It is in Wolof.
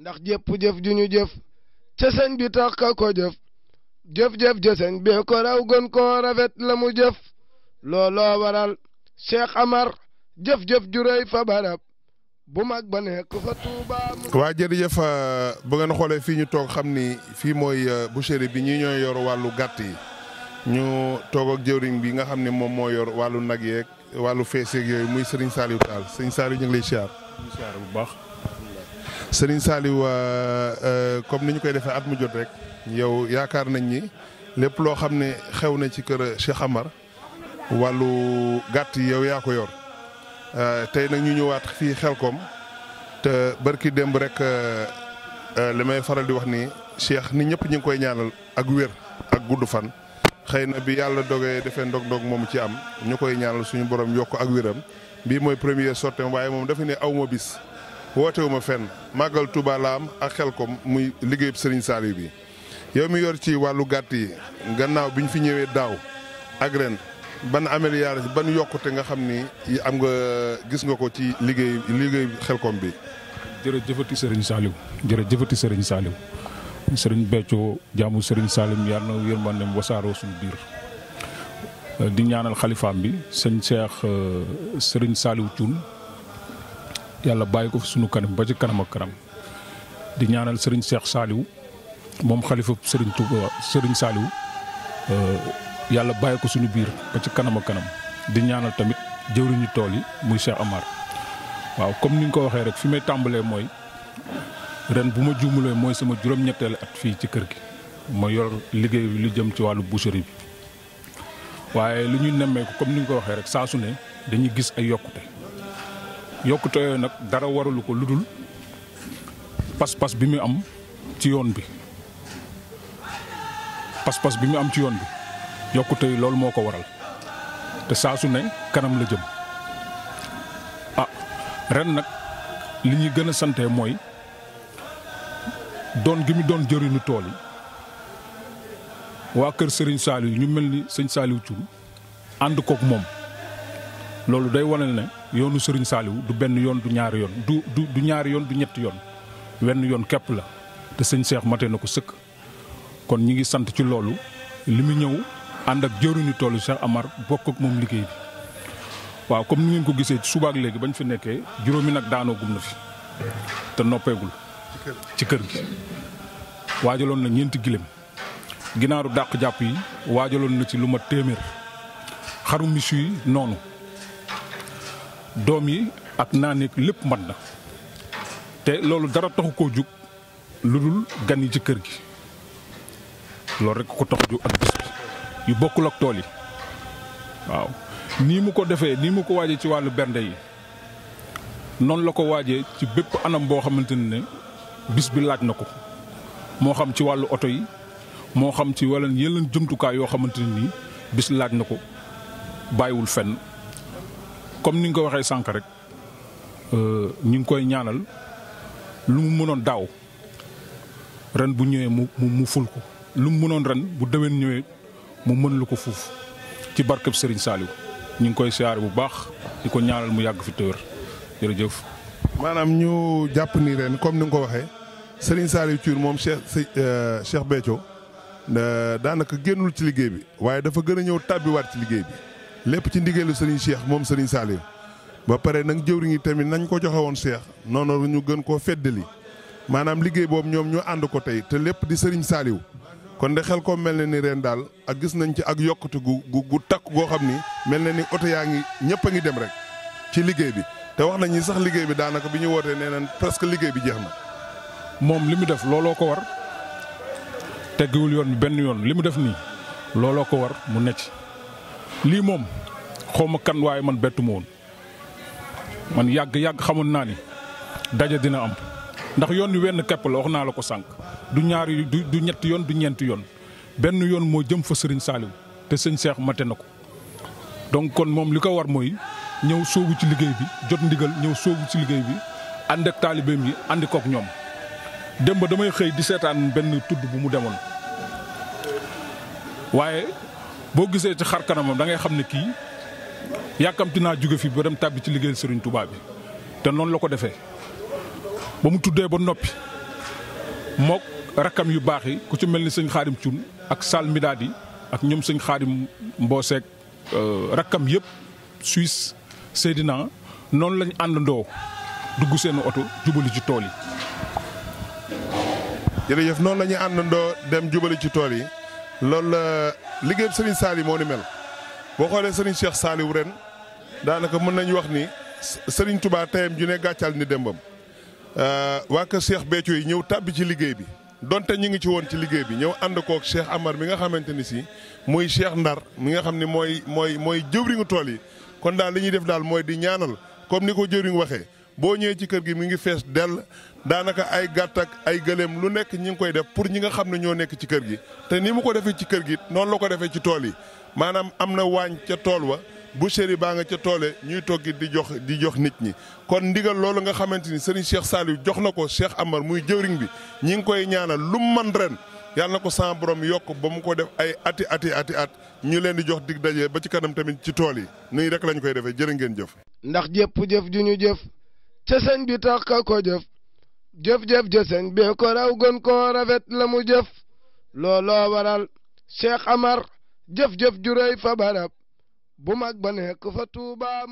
ndax jep jëf juñu ñu ca señ bi tax ka ko jëf jëf-jëf ja señ bi ko raw gon ko rafet la mu jëf waral cheikh amar jëf-jëf ju rëy fa barab bu mag ba nekk fa wa jeri jef bu ngeen xolé fi ñu tok xamni fi moy mooy euh, boucherie bi ñi ñoy yor walu gatti ñu tok ak jëwriñ bi nga xamni mom mo yor walu nag yek walu fessek yoy muy serigne Saliou Tall serigne Saliou ñu ngi lay bu baax Serigne Saliou euh, euh, comme ni ñu koy defee at mu jot rek yow yaakaar nañ ni lépp loo xam ne xew na ci kër Cheikh Amar wàllu gàtt yi yow yaa ko yor euh, tey nag ñu ñëwaat fii Xelkom te barki démb rek li may faral di wax ni Cheikh ni ñëpp ñu ngi koy ñaanal ak wér ak gudd fan. xëy na bi yàlla dogee defee ndog-ndog moom ci am ñu ñaanal suñu borom yokk ak wéram bii mooy premier sortem waaye moom dafa ne aw bis. wootewuma fenn màggal Touba ak xel ko muy liggéeyub Serigne Saliou bi yow mi yor ci wàllu gàtt yi gannaaw bi ñu fi ñëwee daaw ak ren ban amélioration ban yokkute nga xam ni yi am nga gis nga ko ci liggéey liggéey xelkom bi. jërëjëfati Serigne Saliou jëfati Serigne Saliou Serigne Béthio jaamu Serigne Saliou yàlla na yërmandeem wasaaroo suñu biir. di ñaanal xalifaam bi sëñ Cheikh euh, Serigne Saliou Thioune. yàlla bàyyi ko fi sunu kanam ba ci kanam ak kanam di ñaanal Serigne Cheikh Saliou moom xalifa Serigne Touba Serigne Saliou euh, yàlla bàyyi ko suñu biir ba ci kanam ak kanam di ñaanal tamit jëwriñu tool yi muy Cheikh Amar waaw comme ni nga ko waxee rek fi may tàmbalee mooy ren bu ma juumulee mooy sama juróom-ñetteelu at fii ci kër gi ma yor liggéey bi lu jëm ci wàllu boucherie bi waaye lu ñuy nemmeeku comme ni nga ko waxee rek saa su ne dañuy gis ay yokkute. yokkute yooyu nag dara waralu ko lu dul pas-pas bi mu am ci yoon bi pas-pas bi mu am ci yoon bi yokkute yi loolu moo ko waral te saasu su ne kanam la jëm a ah, ren nag li ñuy gën a sante mooy doon gi mu doon jëriñu tool yi waa kër Serigne Saliou ñu mel ni sëñ Saliou Thioune ànd kook moom loolu day wane ne yoonu sëriñ Saliou du benn yoon du ñaari yoon du du du ñaari yoon du ñetti yoon wenn yoon képp la te sëñ Cheikh mate na ko sëkk kon ñi ngi sant ci loolu li mu ñëw ànd ak jëruñu toolu Cheikh Amar bokk ak moom liggéey bi. waaw comme ni ngeen ko gisee ci suba ak léegi bañ fi nekkee juróomi nag daanoo gum na fi te noppeegul ci kër gi waajaloon na ñeenti gilem ginaaru dàq jàpp yi waajaloon na ci lu ma téeméer xaru misu yi noonu doom yi ak naan yi lépp mat na te loolu dara taxu koo jóg lu dul gan yi ci kër gi loolu rekk ko tax jug ak bis bi yu bokkul ak tool yi waaw nii mu ko defee nii mu ko waajee ci wàllu bernde yi noonu la ko waaje ci bépp anam boo xamante ne bis bi laaj na ko moo xam ci wàllu oto yi moo xam ci wàllu yeneen jumtukaay yoo xamante ne nii bis laaj na ko bàyyiwul fenn comme ni nga ko waxee sànq rek euh, ñu ngi koy ñaanal lu mu mënoon daaw ren bu ñëwee mu mu ful ko lu mu mënoon ren bu déwén ñëwee mu mën ko fuuf ci barkeb Serigne Saliou ñu ngi koy siyaare bu baax di ko ñaanal mu yàgg fi tëwër jërëjëf. maanaam ñu jàpp ni ren comme ni nga ko waxee Serigne Saliou Thioune moom Cheikh euh, Cheikh Béthio euh, daanaka génnul ci liggéey bi waaye dafa gën a ñëw tàbbiwaat ci liggéey bi. lépp ci ndigalu Serigne Cheikh moom Serigne Saliou ba pare nag jëwriñ yi tamit nañ ko joxe woon Cheikh noonu ñu gën koo feddali maanaam liggéey boobu ñoom ñu ànd ko tey te lépp di Serigne saaliw kon de xel ko mel na ni reen daal a gis nañ ci ak yokkute gu gu takk goo xam ni mel na ni oto yaa ngi ñëpp a ngi dem rek ci liggéey bi te wax nañ ni sax liggéey bi daanaka bi ñu wootee nee nañ presque liggéey bi jeex na. moom li mu def looloo ko war teggiwul yoon benn yoon li mu def nii looloo ko war mu necc lii moom xaw ma kan waaye man bettuma woon man yàgg yàgg xamoon naa ni daje dina am ndax yoon wi wenn képp la wax naa la ko sànq du ñaar du du ñetti yoon du ñeenti yoon benn yoon moo jëm fa sëriñ Saliou te sëñ Cheikh mate na ko donc kon moom li ko war mooy ñëw sóobu ci liggéey bi jot ndigal ñëw sóobu ci liggéey bi ànd ak taalibeem yi ànd kook ñoom démb damay xëy di seetaan benn tudd bu mu demoon waaye boo gisee ci xar kanamam da ngay xam ne kii yàkkamti naa jóge fi ba dem tàbbi ci liggéeyal Serigne tubaab bi te noonu la ko defee ba mu tuddee ba noppi mook rakkam yu baax yi ku ci mel ni sëñ xaadim Thioune ak Sall Midaad ak ñoom sëñ xaadim Mbooseek euh, rakkam yëpp Suisse Seydina noonu lañ àndandoo dugg seen oto jubali ci tool yi. jërëjëf noonu lañu ñuy àndandoo dem jubali ci tool yi loolu la liggéey liggéeyam Serigne Saliou moo ni mel boo xoolee Serigne Cheikh Saliou ren daanaka mën nañu wax ni Serigne Touba tayam ju ne gàccal ni dembam euh, waa kër Cheikh Béthio yi ñëw tàbbi ci liggéey bi donte ñu ngi ci woon ci liggéey bi ñëw ànd kook Cheikh Amar mi nga xamante ni si muy Cheikh Ndar mi nga xam ni mooy mooy mooy jëwriñu tool yi kon daal li ñuy def daal mooy di ñaanal comme ni ko jëwriñ waxee. boo ñëwee ci kër gi mu ngi fees dell daanaka ay gàtt ay gëléem lu nekk ñi ngi koy def pour ñi nga xam ne ñoo nekk ci kër gi. te ni mu ko defee ci kër gi noonu la ko defee ci tool yi maanaam am na waañ ca tool wa bu boucherie baa nga ca toole ñuy toggi di jox di jox nit ñi kon ndigal loolu nga xamante ni sëriñ Cheikh Saliou jox na ko Cheikh Amar muy jëwriñ bi ñi ngi koy ñaanal lu man ren. yàlla na ko sama borom yokk ba mu ko def ay ati ati ati at ñu leen di jox dig daje ba ci kanam tamit ci tool yi nuy rek lañ koy defee jërë ngeen jëf. ndax ca sëñ bi tax ka ko jëf jëf-jëf ja sëñ raw gën koo rafet la mu jëf looloo waral Cheikh Amar jëf-jëf ju fa barab bu mag ba nekk fa Tuubaa